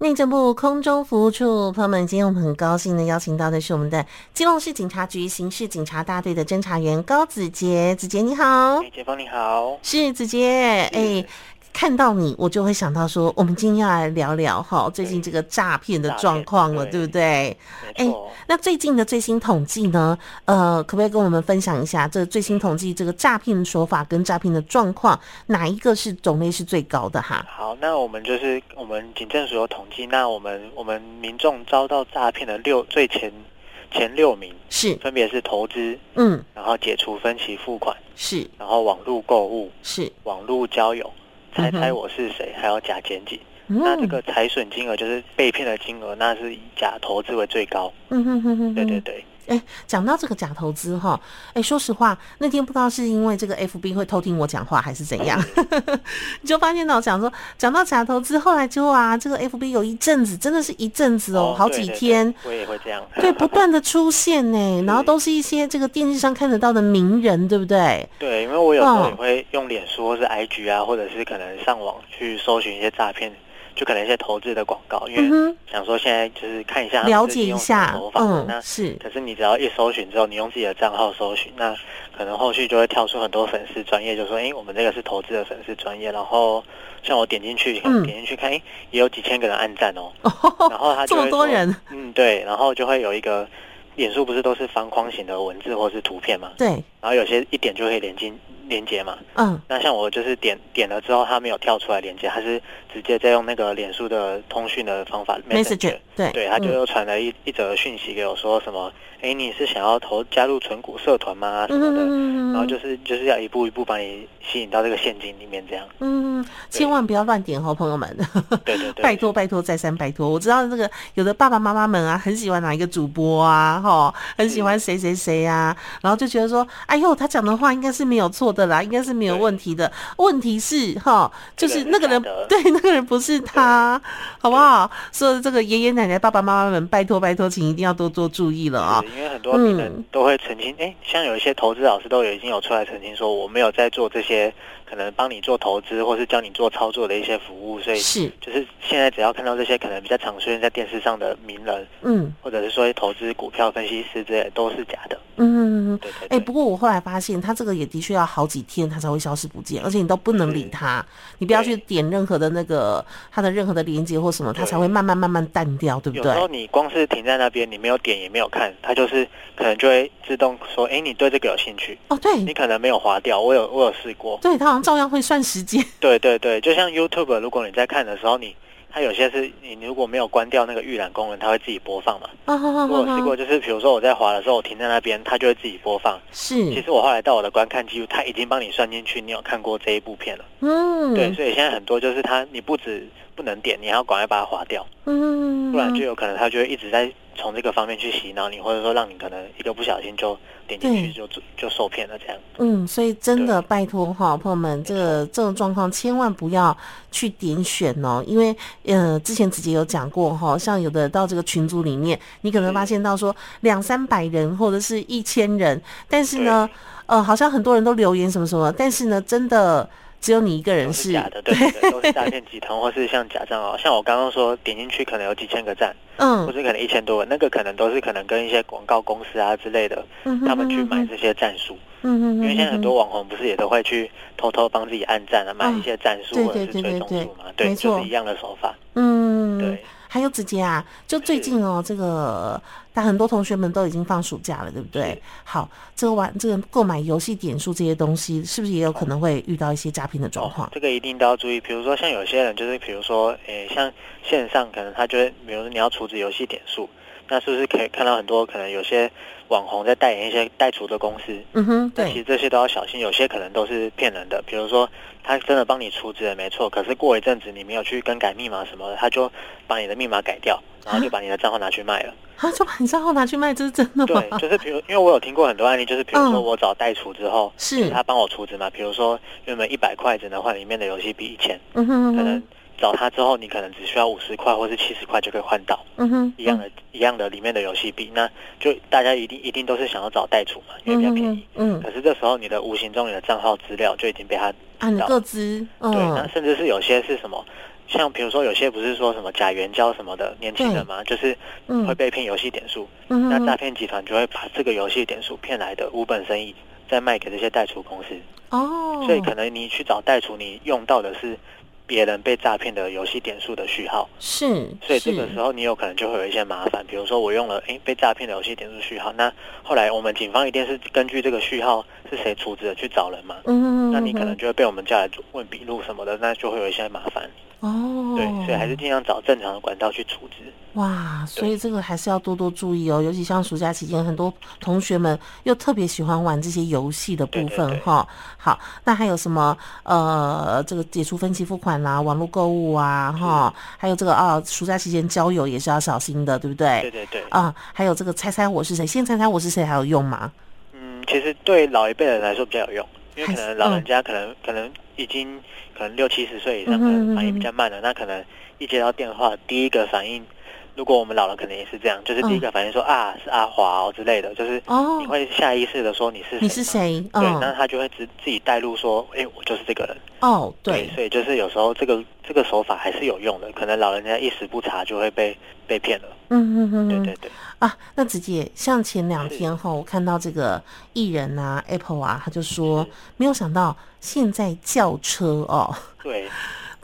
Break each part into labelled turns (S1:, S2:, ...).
S1: 內政部空中服務處朋友們，今天我們很高興的邀請到的是我們的基隆市警察局刑事警察大隊的偵查員高子傑，子傑你好，欸、潔
S2: 楓你好，
S1: 是子傑，哎是。欸看到你，我就會想到說，我們今天要來聊聊哈，最近這個詐騙的狀況了，對，對不對？哎、哦欸，那最近的最新統計呢？呃，可不可以跟我們分享一下這最新統計這個詐騙手法跟詐騙的狀況，哪一個是種類是最高的哈？
S2: 好，那我們就是我們警政署有統計，那我們我們民眾遭到詐騙的六最前前六名是分別是投資，嗯，然後解除分期付款，是，然後網絡購物，是，網絡交友。Uh huh. 猜猜我是誰？還有假檢警。Uh huh. 那這個財損金額就是被騙的金額，那是以假投資為最高。嗯
S1: 哼哼哼，huh huh huh huh huh. 對對對。哎，講到這個假投資哈，哎，說實話，那天不知道是因為這個 F B 會偷聽我講話還是怎樣，嗯、 你就發現到我講說，講到假投資，後來之後啊，這個 F B 有一陣子，真的是一陣子哦，哦好幾天對對對，我也會這樣，對，不斷的出現呢，是然後都是一些這個電視上看得到的名人，對不對？對，因為我有時候也會
S2: 用臉書或是 I G 啊，或者是可能上網去搜尋一些詐騙。就可能一些投資的廣告，因為想說現在就是看一下、啊、了解一下頭髮、嗯，是。可是你只要一搜尋之後，你用自己的賬號搜尋，那可能後續就會跳出很多粉絲專業，就說，誒、欸、我們這個是投資的粉絲專業。然後像我點進去，嗯、點進去看，誒、欸、也有幾千個人按讚哦。哦，然後他就會，這麼多人，嗯，對。然後就會有一個，演出不是都是方框型的文字或是圖片嘛？對。然後有些一點就可以連進。連接嘛，嗯，那像我就是點點了之後，他沒有跳出來連接，他是直接在用那個臉書的通訊的方法，Message，對，對他就又傳了一、嗯、一則訊息給我，說什麼，哎、欸，你是想要投加入存股社團嗎、啊？什麼的，
S1: 嗯、然後就
S2: 是就是要一步一步把你吸引到這個陷阱裡面這樣，
S1: 嗯，對千萬不要亂點哦，朋友們， 對,對對對，拜托拜托再三拜托，我知道這、那個有的爸爸媽媽們啊，很喜歡哪一個主播啊，哈，很喜歡誰誰誰呀，是然後就覺得說，哎呦，他講的話應該是沒有錯的。的啦，應該是沒有問題的。對問題是哈，就是那個人對，對那個人不是他，對好不好？對所以這個爺爺奶奶、爸爸媽媽們，拜託拜託，請一定要多多注意了啊、喔！因為很多名人
S2: 都會澄清，哎、嗯欸，像有一些投資老師都有已經有出來澄清說，我沒有在做這些可能幫你做投資或是教你做操作的一些服務，所以是就是現在只要看到這些可能比較常出現在電視上的名人，嗯，或者是說投資股票分析師之類，都是假的，
S1: 嗯，對、對、對。哎、欸，不過我後來發現，他這個也的確要好。幾天它，才會消失不見，而且你都不能理它，嗯、你不要去點任何的那個它對的任何的連接或什麼，它才會慢慢慢慢淡掉，對，對不對？然後
S2: 你光是停在那邊，你沒有點也沒有看，它就是可能就會自動說，誒、欸，你對這個有興趣哦，對，你可能沒有滑掉，我有我有試過，對，
S1: 它好像照樣會算時間，
S2: 對對對，就像 YouTube，如果你在看的時候你。它有些是，你如果沒有關掉那個預覽功能，它會自己播放嘛。
S1: 啊哈，我試過，
S2: 就是比如說我在滑的時候，我停在那邊，它就會自己播放。是，其實我後來到我的觀看記錄，它已經幫你算進去，你有看過這一部片了。嗯，對，所以現在很多就是它，你不止不能點，你還要趕快把它劃掉，
S1: 嗯。不然就
S2: 有可能它就會一直在。從這個方面去洗腦你，或者說讓你可能一個不小心就點進去就對就，就受騙了
S1: 這樣。嗯，所以真的對拜托哈、哦，朋友們，這個這種、個、狀況千萬不要去點選哦，因為呃，之前子傑有講過哈、哦，像有的到這個群組裡面，你可能會發現到說，兩三百人或者是一千人，但是呢，對呃，好像很多人都留言什麼什麼，但是呢，真的。只有你一個人是，是假的，對，對，對，對，都是詐騙
S2: 集團。 或是像假賬號，像我剛剛說，點進去可能有幾千個讚，嗯，或是可能一千多個，那個可能都是可能跟一些廣告公司啊之類的，
S1: 他們去買這
S2: 些戰術，嗯嗯，
S1: 因為現在很多
S2: 網紅不是也都會去偷偷幫自己按讚啊，嗯、哼哼哼買一些戰術或者是追蹤數嘛，對，沒錯。就是一樣的手法，嗯，
S1: 對。還有直接啊，就最近哦，是這個但很多同學們都已經放暑假了，對不對？是好，這個玩這個購買遊戲點數這些東西，是不是也有可能會遇到一些詐騙的狀況？哦、這
S2: 個一定都要注意，比如說像有些人就是，比如說誒、呃，像線上可能他覺得，比如說你要儲值遊戲點數。那是不是可以看到很多可能有些網紅在代言一些代儲的公司？嗯哼，對，但其實這些都要小心，有些可能都是騙人的。比如說，他真的幫你儲值了沒錯，可是過一陣子你沒有去更改密碼什麼的，他就把你的密碼改掉，然後就把你的賬號拿去賣了。啊、
S1: 啊，就把你賬號拿去賣，這是真的嗎？對，就
S2: 是比如因為我有聽過很多案例，就是比如說我找代儲之後，嗯、是、是他幫我儲值嘛？比如說原本一百塊只能換裡面的遊戲幣一千，嗯哼、哼、哼。可能。找他之後，你可能只需要五十塊或者是七十塊就可以換到，嗯哼，一樣的，嗯、哼一樣的裡面的遊戲幣，嗯、哼那就大家一定一定都是想要找代儲嘛，嗯、哼因為比較便宜，嗯,嗯，可是這時候你的無形中你的賬號資料就已經被他按到，啊哦、對，那甚至是有些是什麼，像比如說有些不是說什麼假援交什麼的年輕人嘛，對就是會被騙遊戲點數，嗯、哼那詐騙集團就會把這個遊戲點數騙來的無本生意再賣給這些代儲公司，哦，所以可能你去找代儲，你用到的是。別人被詐騙的遊戲點數的序號
S1: 是，所以這個時
S2: 候你有可能就會有一些麻煩。是比如說我用了，哎、欸，被詐騙的遊戲點數序號，那後來我們警方一定是根據這個序號是誰儲值的去找人嘛？嗯,
S1: 嗯,嗯,嗯，那你可能
S2: 就會被我們叫來問筆錄什麼的，那就會有一些麻煩。
S1: 哦，對，所以還
S2: 是尽量找正常的管道去處置。
S1: 哇，對所以這個還是要多多注意哦，尤其像暑假期間，很多同學們又特別喜歡玩這些遊戲的部分哈、哦。好，那還有什麼？呃，這個解除分期付款。啊，網絡購物啊，哈，還有這個啊，暑假期間交友也是要小心的，對不對？對對對。啊，還有這個，猜猜我是誰？先猜猜我是誰，還有用嗎？嗯，
S2: 其實對老一輩人來說比較有用，因為可能老人家可能、嗯、可能已經可能六七十歲以上，可能反應比較慢了，嗯哼嗯哼嗯，那可能一接到電話，第一個反應。如果我們老了，可能也是這樣，就是第一個反應說、嗯、啊，是阿華、哦、之類的，就是你會下意識的說你是你是誰？
S1: 嗯、對，那他
S2: 就會自自己帶路說，哎、欸，我就是這個人。哦，
S1: 對，對，
S2: 所以就是有時候這個這個手法還是有用的，可能老人家一時不察，就會被被騙了。嗯
S1: 嗯嗯，對對對。啊，那子傑像前兩天哈，是我看到這個藝人啊，Apple 啊，他就說是沒有想到現在叫車哦。對。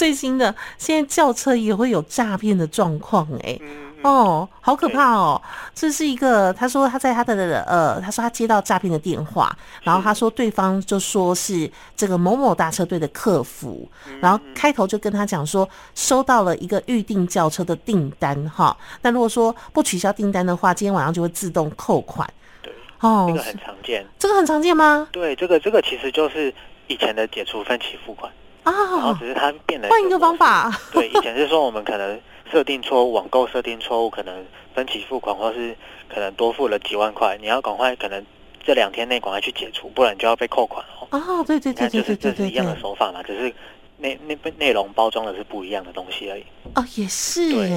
S1: 最新的現在轎車也會有詐騙的狀況。哎、欸，哦，好可怕哦！對這是一個，他說他在他的呃，他說他接到詐騙的電話，是然後他說對方就說是這個某某大車隊的客服，嗯、然後開頭就跟他講說收到了一個預定轎車的訂單哈，但如果說不取消訂單的話，今天晚上就會自動扣款。對，哦，這個很常見，這個很常見嗎？對，
S2: 這個這個其實就是以前的解除分期付款。啊，oh, 然後只是他變了，換一個
S1: 方法。
S2: 哦，對，以前是說我們可能設定錯誤，網購設定錯誤，可能分期付款或是可能多付了幾萬塊，你要趕快可能這兩天內趕快去解除，不然你就要被扣款
S1: 了。哦，對對對對對對，對對就是這、就是一樣的
S2: 手法嘛，只是那那邊內容包裝的是不一樣的東西而已。
S1: 哦，oh, 也是對。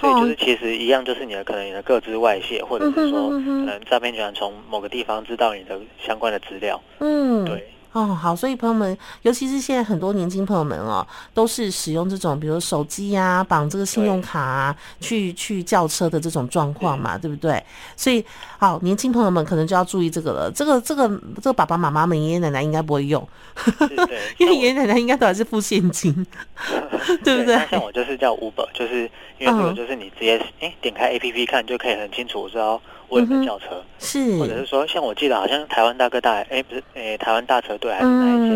S1: 所以就是
S2: 其實一樣，就是你的可能你的個資外洩，或者是說可能詐騙集團從某個地方知道你的相關的資料。嗯、oh,，對。
S1: Okay. 嗯哦，好，所以朋友們，尤其是現在很多年輕朋友們哦，都是使用這種，比如手機啊，綁這個信用卡啊，對去去叫車的這種狀況嘛，嗯、對不對？所以，好，年輕朋友們可能就要注意這個了。這個，這個，這個爸爸媽媽們、爺爺奶奶應該不會用，因為爺爺奶奶應該都還是付現金，
S2: 對， 對不對？對，像我就是叫 Uber，就是。因為這個就是你直接哎、嗯欸、點開 A P P 看就可以很清楚，我知道我有沒有叫車，嗯、是或者是說像我記得好像台灣大哥大哎、欸、不是哎、欸、台灣大車隊還是哪一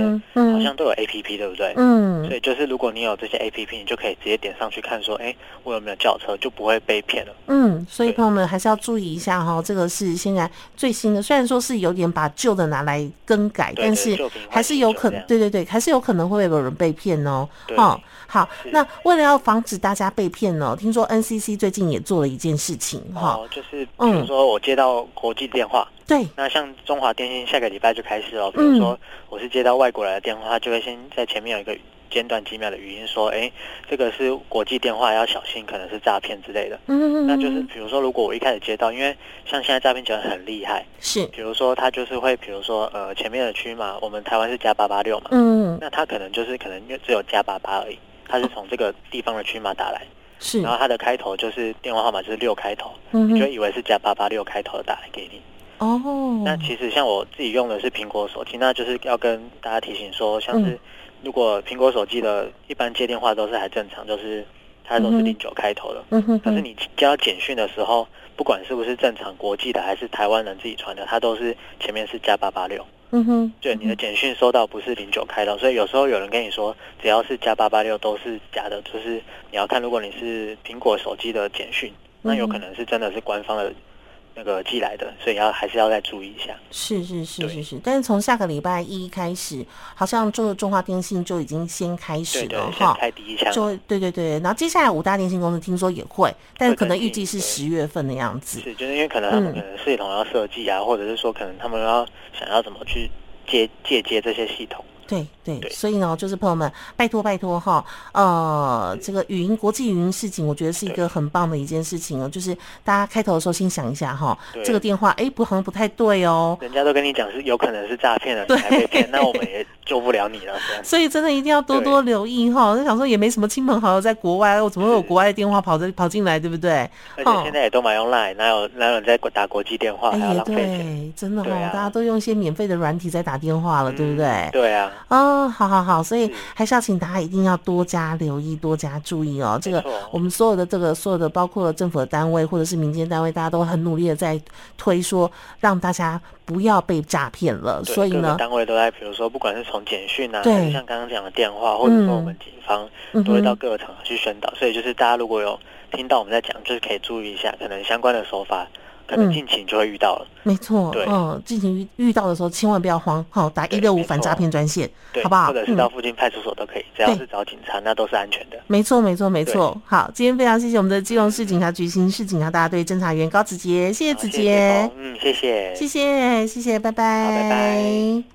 S2: 些，好像都有 A P P 對不對？嗯，所以就是如果你有這些 A P P，你就可以直接點上去看說哎、欸、我有沒有叫車，就不會被騙了。
S1: 嗯，對所以朋友們還是要注意一下哈、哦，這個是現在最新的，雖然說是有點把舊的拿來更改，對但是還是有可能，對對對，還是有可能會有人被騙哦。對哦，好，是那為了要防止大家被騙呢。我聽說 NCC 最近也做了一件事情，哈、哦，就是
S2: 比如說我接到國際電話，對、嗯，那像中華電信下個禮拜就開始了，比如說我是接到外國來的電話，嗯、就會先在前面有一個間斷幾秒的語音說，哎、欸，這個是國際電話，要小心，可能是詐騙之類的。嗯，那就是比如說，如果我一開始接到，因為像現在詐騙起來很厲害，是，比如說他就是會，比如說呃，前面的區碼，我們台灣是加八八六嘛，嗯，那他可能就是可能就只有加八八而已，他是從這個地方的區碼打來。是，然後它的開頭就是電話號碼就是六開頭，嗯、哼你就會以為是加八八六開頭的打來給你。哦，那其實像我自己用的是蘋果手機，那就是要跟大家提醒說，像是如果蘋果手機的，一般接電話都是還正常，就是它都是零九開頭的。嗯哼，可是你接到簡訊的時候，不管是不是正常國際的還是台灣人自己傳的，它都是前面是加八八六。嗯哼， 對，你的簡訊收到不是零九開的，所以有時候有人跟你說，只要是加八八六都是假的，就是你要看，如果你是蘋果手機的簡訊，
S1: 那有可能
S2: 是真的是官方的。那個寄來的，所以要還是要再注意一下。
S1: 是是是是是，對但是從下個禮拜一開始，好像中中華電信就已經先開始了哈，開第一槍。就對對對，然後接下來五大電信公司聽說也會，但是可能預計是十月份的樣子對對。
S2: 是，就是因為可能他們可能系統要設計啊，嗯、或者是說可能他們要想要怎麼去借借接，接這些系統。
S1: 對對，所以呢，就是朋友們，拜託拜託哈，呃，這個語音國際語音事情，我覺得是一個很棒的一件事情哦，就是大家開頭的時候先想一下哈，這個電話，哎，不，好像不太對哦，人
S2: 家都跟你講是有可能是詐騙的，對，那我們也救不了你了，
S1: 所以真的一定要多多留意哈。那想說也沒什麼親朋好友在國外，我怎麼會有國外的電話跑在跑進來，對不對？而且現在也
S2: 都買用 LINE，哪有哪有人在打國際電話哎，浪費錢，對，
S1: 真的哦，大家都用一些免費的軟體在打電話了，對不對？對啊。啊、哦，好好好，所以還是要請大家一定要多加留意，多加注意哦。沒錯。這個我們所有的這個所有的包括了政府的單位或者是民間單位，大家都很努力的在推說，讓大家不要被詐騙了。對。所以呢，各個單
S2: 位都在，比如說不管是從簡訊啊，對，還是像剛剛講的電話，或者說我們警方、嗯、都會到各個場合去宣導。所以就是大家如果有聽到我們在講，就是可以注意一下可能相關的手法。可能近期就會遇到了，
S1: 嗯、沒錯，對，嗯，近期遇遇到的時候，千萬不要慌，好，打一六五反詐騙專線，對啊、好不好？或者是到
S2: 附近派出所都可以，嗯、只要是找警察，對那都是安全的。沒錯，沒錯，沒錯。對
S1: 好，今天非常謝謝我們的基隆市警察局刑事警察大隊偵查員高子杰，謝謝子杰，
S2: 謝謝，嗯，謝
S1: 謝，嗯、謝，謝，謝謝，謝謝，拜拜，拜拜。